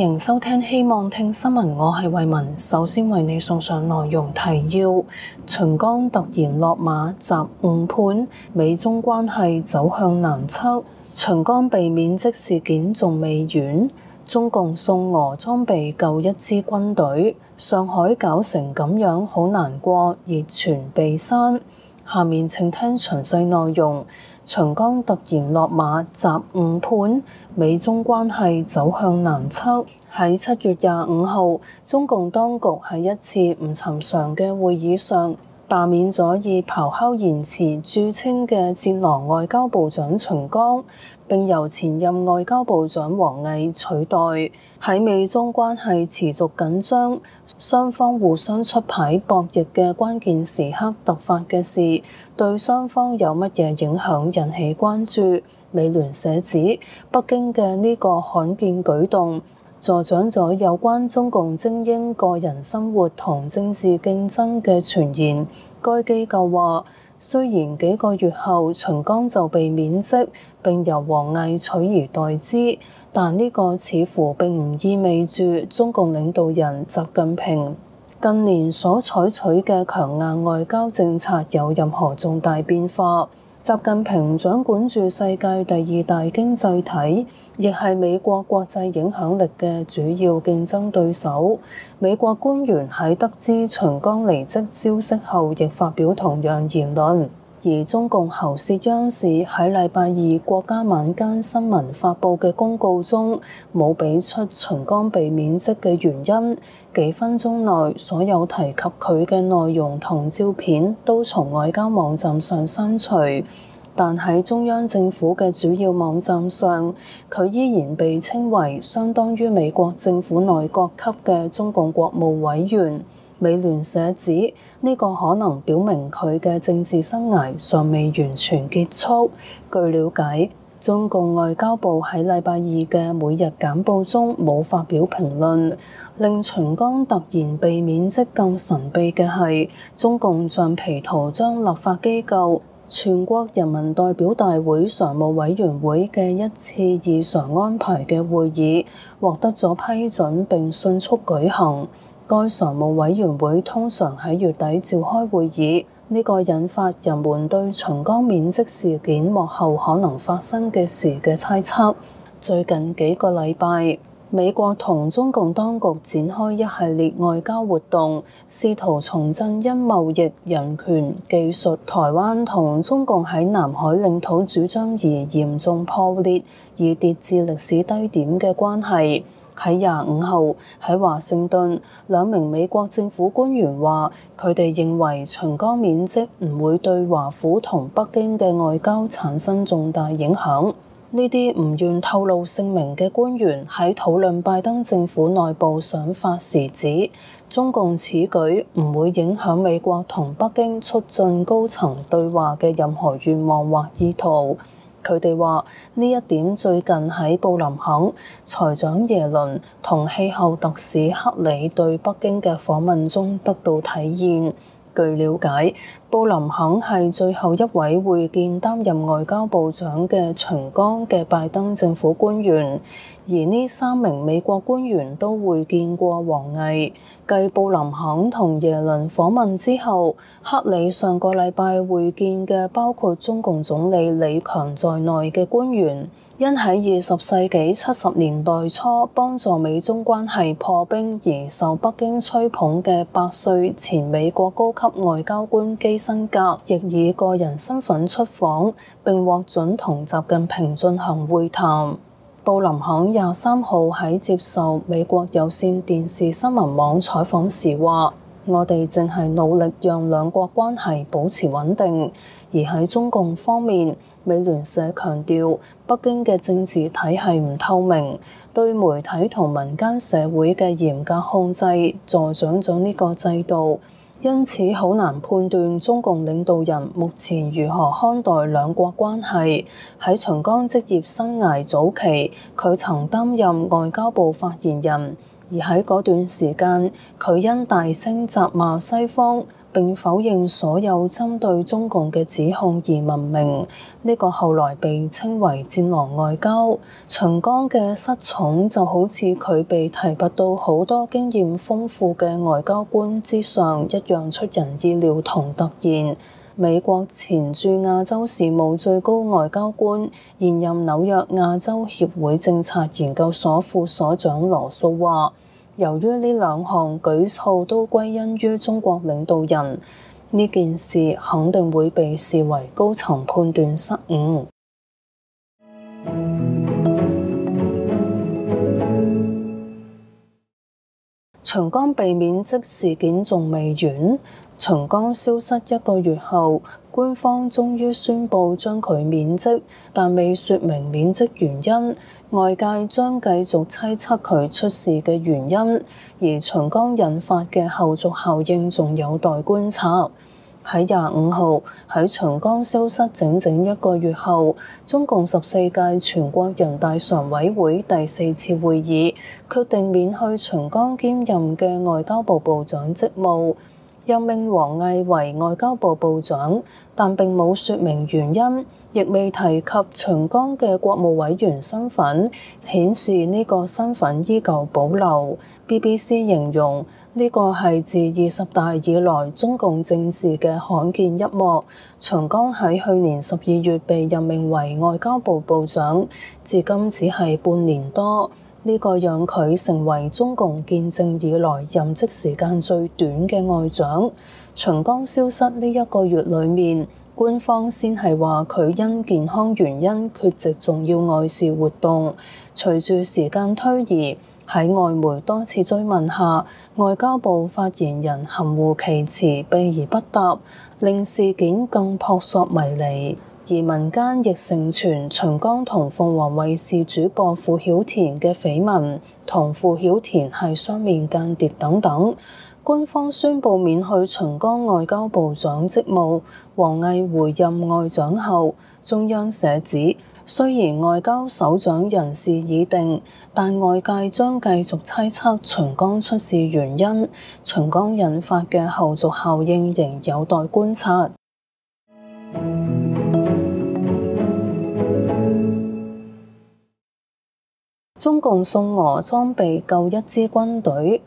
歡迎收聽，希望聽新聞。我係慧雯，首先為你送上內容提要：秦剛突然落馬，習誤判；美中關係走向難測；秦剛被免職事件仲未完；中共送俄裝備夠一支軍隊；上海搞成咁樣，好難過，熱傳被刪。下面請聽詳細內容：秦剛突然落馬，習「誤判」，美中關係走向難測。喺七月廿五號，中共當局喺一次唔尋常嘅會議上，罷免咗以咆哮言辭著稱嘅戰狼外交部長秦剛，並由前任外交部長王毅取代。喺美中關係持續緊張，雙方互相出牌博弈嘅關鍵時刻，突發嘅事，對雙方有乜嘢影響引起關注？美聯社指北京嘅呢個罕見舉動，助長咗有關中共精英個人生活同政治競爭嘅傳言。該機構話：雖然幾個月後秦剛就被免職，並由王毅取而代之，但呢個似乎並唔意味住中共領導人習近平近年所採取嘅強硬外交政策有任何重大變化。習近平掌管住世界第二大經濟體，亦係美國國際影響力嘅主要競爭對手。美國官員喺得知秦剛離職消息後，亦發表同樣言論。而中共喉舌央視喺禮拜二國家晚間新聞發布嘅公告中，冇俾出秦剛被免職嘅原因。幾分鐘內，所有提及佢嘅內容同照片都從外交網站上刪除，但喺中央政府嘅主要網站上，佢依然被稱為相當於美國政府內閣級嘅中共國務委員。美聯社指呢個可能表明佢嘅政治生涯尚未完全結束。據了解，中共外交部喺禮拜二嘅每日簡報中冇發表評論，令秦剛突然被免職更神秘嘅係中共橡皮圖章立法機構全國人民代表大會常務委員會嘅一次異常安排嘅會議獲得咗批准，並迅速舉行。該常務委員會通常喺月底召開會議，呢、這個引發人們對秦剛免職事件幕後可能發生嘅事嘅猜測。最近幾個禮拜，美國同中共當局展開一系列外交活動，試圖重振因貿易、人權、技術、台灣同中共喺南海領土主張而嚴重破裂而跌至歷史低點嘅關係。喺廿五號喺華盛頓，兩名美國政府官員話：佢哋認為秦剛免職唔會對華府同北京嘅外交產生重大影響。呢啲唔願透露姓名嘅官員喺討論拜登政府內部想法時指，中共此舉唔會影響美國同北京促進高層對話嘅任何願望或意圖。佢哋話：呢一點最近喺布林肯、財長耶倫同氣候特使克里對北京嘅訪問中得到體現。據了解，布林肯係最後一位會見擔任外交部長嘅秦剛嘅拜登政府官員，而呢三名美國官員都會見過王毅。繼布林肯同耶倫訪問之後，克里上個禮拜會見嘅包括中共總理李強在內嘅官員。因喺二十世紀七十年代初幫助美中關係破冰而受北京吹捧嘅百歲前美國高級外交官基辛格，亦以個人身份出訪並獲准同習近平進行會談。布林肯廿三號喺接受美國有線電視新聞網採訪時話：「我哋正係努力讓兩國關係保持穩定，而喺中共方面。美聯社強調，北京嘅政治體系唔透明，對媒體同民間社會嘅嚴格控制助長咗呢個制度，因此好難判斷中共領導人目前如何看待兩國關係。喺秦剛職業生涯早期，佢曾擔任外交部發言人，而喺嗰段時間，佢因大聲責罵西方，並否認所有針對中共嘅指控而聞名，呢個後來被稱為戰狼外交。秦剛嘅失寵，就好似佢被提拔到好多經驗豐富嘅外交官之上一樣，出人意料同突然。美國前駐亞洲事務最高外交官、現任紐約亞洲協會政策研究所副所長羅素話，由於呢兩項舉措都歸因於中國領導人，呢件事肯定會被視為高層判斷失誤。秦 剛被免職事件仲未完，秦剛消失一個月後，官方終於宣布將佢免職，但未說明免職原因。外界將繼續猜測佢出事嘅原因，而秦剛引發嘅後續效應仲有待觀察。喺廿五號喺秦剛消失整整一個月後，中共十四屆全國人大常委會第四次會議決定免去秦剛兼任嘅外交部部長職務，任命王毅為外交部部長，但並冇説明原因。亦未提及秦剛嘅國務委員身份，顯示呢個身份依舊保留。BBC 形容呢、這個係自二十大以來中共政治嘅罕見一幕。秦剛喺去年十二月被任命為外交部部長，至今只係半年多，呢、這個讓佢成為中共建政以來任職時間最短嘅外長。秦剛消失呢一個月裏面，官方先係話，佢因健康原因缺席重要外事活動。隨住時間推移，喺外媒多次追問下，外交部發言人含糊其辭，避而不答，令事件更撲朔迷離。而民間亦盛傳秦剛同鳳凰衛視主播傅曉田嘅緋聞，同傅曉田係雙面間諜等等。官方宣布免去秦剛外交部長職務，王毅回任外長後，中央社指，雖然外交首長人事已定，但外界將繼續猜測秦剛出事原因，秦剛引發嘅後續效應仍有待觀察。中共送俄裝備夠一支軍隊。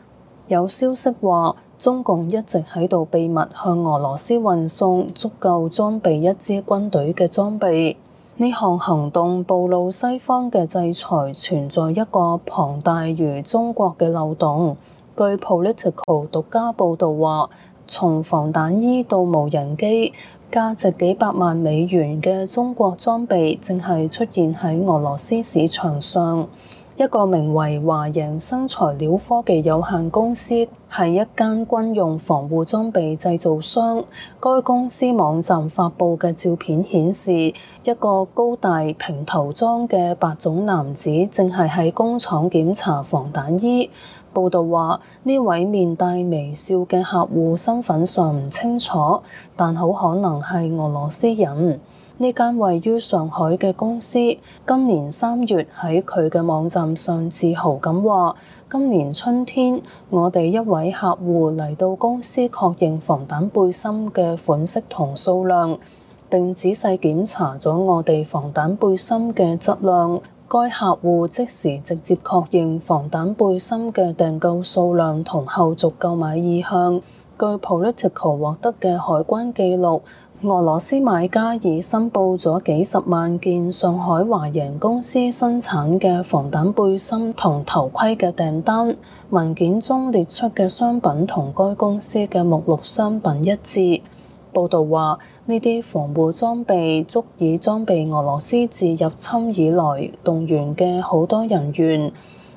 有消息話，中共一直喺度秘密向俄羅斯運送足夠裝備一支軍隊嘅裝備。呢項行，行動暴露西方嘅制裁存在一個龐大如中國嘅漏洞。據 Political 獨家報導話，從防彈衣到無人機，價值幾百萬美元嘅中國裝備正係出現喺俄羅斯市場上。一個名為華陽新材料科技有限公司，係一間軍用防護裝備製造商。該公司網站發布嘅照片顯示，一個高大平頭裝嘅白種男子正係喺工廠檢查防彈衣。報導話，呢位面帶微笑嘅客戶身份尚唔清楚，但好可能係俄羅斯人。呢間位於上海嘅公司今年三月喺佢嘅網站上自豪咁話：今年春天，我哋一位客戶嚟到公司確認防彈背心嘅款式同數量，並仔細檢查咗我哋防彈背心嘅質量。該客戶即時直接確認防彈背心嘅訂購數量同後續購買意向。據 Politico 獲得嘅海關記錄。俄羅斯買家已申報咗幾十萬件上海華陽公司生產嘅防彈背心同頭盔嘅訂單，文件中列出嘅商品同該公司嘅目錄商品一致。報導話，呢啲防護裝備足以裝備俄羅斯自入侵以來動員嘅好多人員。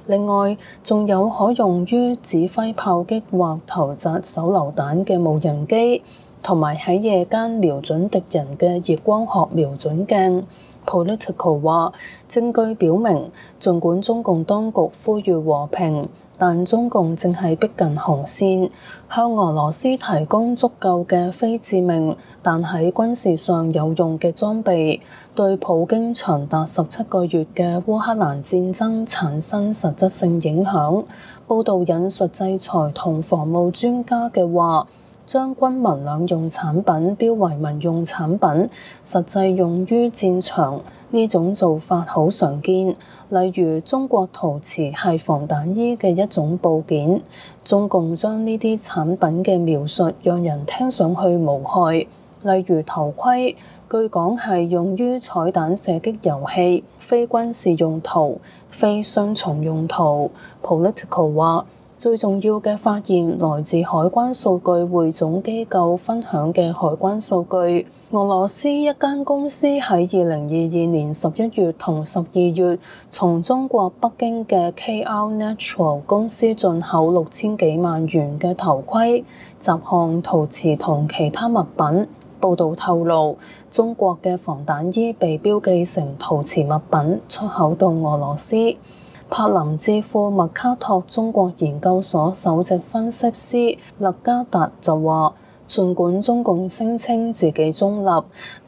另外，仲有可用於指揮炮擊或投擲手榴彈嘅無人機。同埋喺夜間瞄準敵人嘅熱光學瞄準鏡。Politico 話，證據表明，儘管中共當局呼籲和平，但中共正係逼近紅線，向俄羅斯提供足夠嘅非致命但喺軍事上有用嘅裝備，對普京長達十七個月嘅烏克蘭戰爭產生實質性影響。報導引述制裁同防務專家嘅話。將軍民兩用產品標為民用產品，實際用於戰場，呢種做法好常見。例如中國陶瓷係防彈衣嘅一種部件，中共將呢啲產品嘅描述讓人聽上去無害。例如頭盔，據講係用於彩彈射擊遊戲，非軍事用途，非雙重用途。Political 話。最重要嘅發現來自海關數據匯總機構分享嘅海關數據。俄羅斯一間公司喺二零二二年十一月同十二月，從中國北京嘅 KL Natural 公司進口六千幾萬元嘅頭盔、集項陶瓷同其他物品。報導透露，中國嘅防彈衣被標記成陶瓷物品出口到俄羅斯。柏林智庫麥卡托中國研究所首席分析師勒加達就話：儘管中共聲稱自己中立，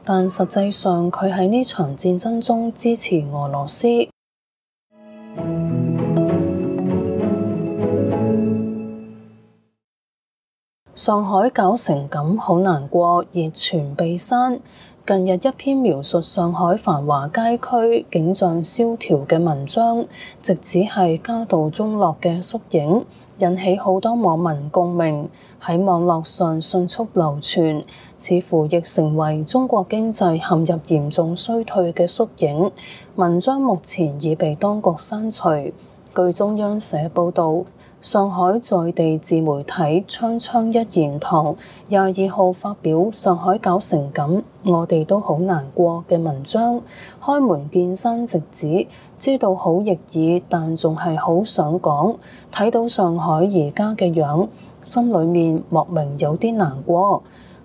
但實際上佢喺呢場戰爭中支持俄羅斯。 上海搞成咁，好難過，熱傳被刪。近日一篇描述上海繁華街區景象蕭條嘅文章，直指係家道中落嘅縮影，引起好多網民共鳴，喺網絡上迅速流傳，似乎亦成為中國經濟陷入嚴重衰退嘅縮影。文章目前已被當局刪除，據中央社報道。上海在地自媒體槍槍一言堂廿二號發表上海搞成咁，我哋都好難過嘅文章。開門見山直指，知道好逆耳，但仲係好想講。睇到上海而家嘅樣，心裡面莫名有啲難過。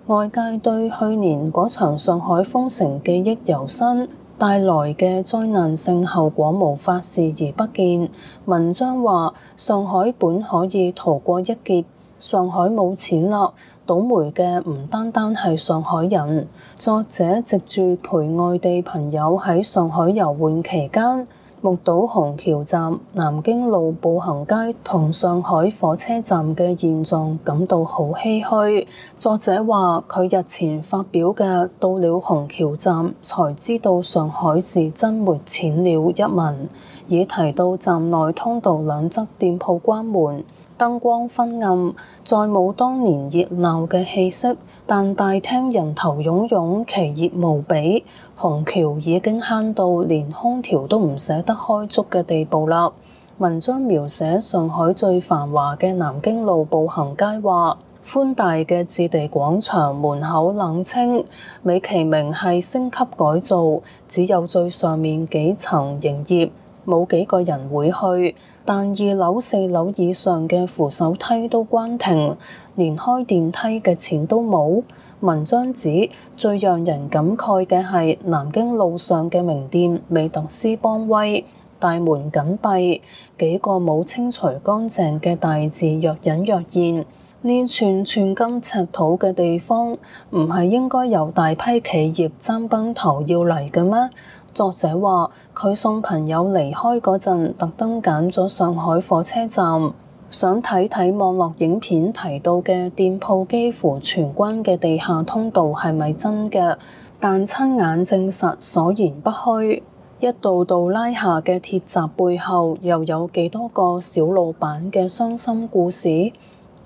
外界對去年嗰場上海封城記憶猶新。帶來嘅災難性後果無法視而不見。文章話：上海本可以逃過一劫，上海冇錢啦，倒黴嘅唔單單係上海人。作者藉住陪外地朋友喺上海遊玩期間。目睹虹橋站、南京路步行街同上海火車站嘅現狀，感到好唏嘘。作者話佢日前發表嘅《到了虹橋站，才知道上海是真沒錢了》一文，也提到站內通道兩側店鋪關門。燈光昏暗，再冇當年熱鬧嘅氣息，但大廳人頭湧湧，奇熱無比。虹橋已經慳到連空調都唔捨得開足嘅地步啦。文章描寫上海最繁華嘅南京路步行街，話寬大嘅置地廣場門口冷清，美其名係升級改造，只有最上面幾層營業。冇幾個人會去，但二樓、四樓以上嘅扶手梯都關停，連開電梯嘅錢都冇。文章指最讓人感慨嘅係南京路上嘅名店美特斯邦威，大門緊閉，幾個冇清除乾淨嘅大字若隱若現。呢寸寸金尺土嘅地方，唔係應該有大批企業爭崩頭要嚟嘅咩？作者話：佢送朋友離開嗰陣，特登揀咗上海火車站，想睇睇網絡影片提到嘅店鋪幾乎全關嘅地下通道係咪真嘅，但親眼證實，所言不虛。一道道拉下嘅鐵閘背後，又有幾多個小老闆嘅傷心故事？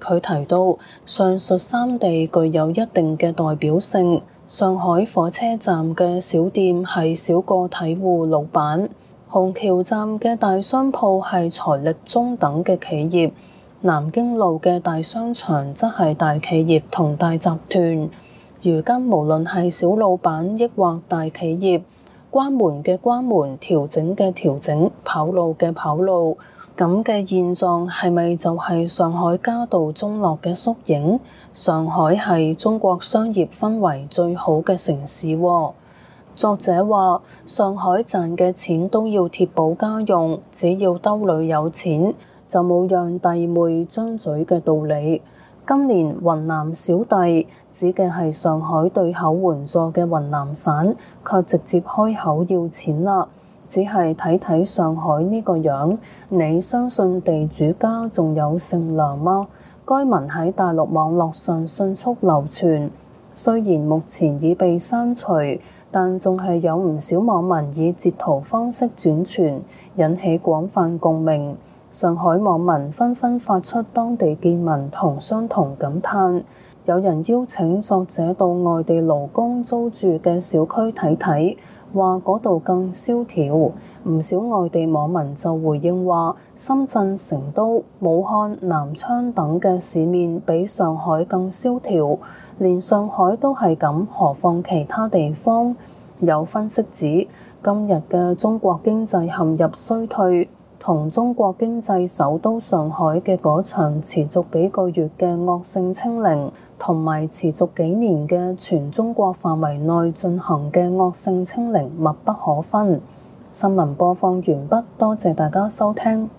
佢提到上述三地具有一定嘅代表性。上海火車站嘅小店係小個體戶老闆，虹橋站嘅大商鋪係財力中等嘅企業，南京路嘅大商場則係大企業同大集團。如今無論係小老闆抑或大企業，關門嘅關門，調整嘅調整，跑路嘅跑路。咁嘅現狀係咪就係上海家道中落嘅縮影？上海係中國商業氛圍最好嘅城市喎、哦。作者話：上海賺嘅錢都要貼補家用，只要兜裡有錢，就冇讓弟妹張嘴嘅道理。今年雲南小弟指嘅係上海對口援助嘅雲南省，卻直接開口要錢啦。只係睇睇上海呢個樣，你相信地主家仲有剩糧嗎？該文喺大陸網絡上迅速流傳，雖然目前已被刪除，但仲係有唔少網民以截圖方式轉傳，引起廣泛共鳴。上海網民紛紛發出當地見聞同相同感嘆，有人邀請作者到外地勞工租住嘅小區睇睇，話嗰度更蕭條，唔少外地網民就回應話：深圳、成都、武漢、南昌等嘅市面比上海更蕭條，連上海都係咁，何況其他地方？有分析指，今日嘅中國經濟陷入衰退，同中國經濟首都上海嘅嗰場持續幾個月嘅惡性清零，同埋持續幾年嘅全中國範圍內進行嘅惡性清零密不可分。新聞播放完畢，多謝大家收聽。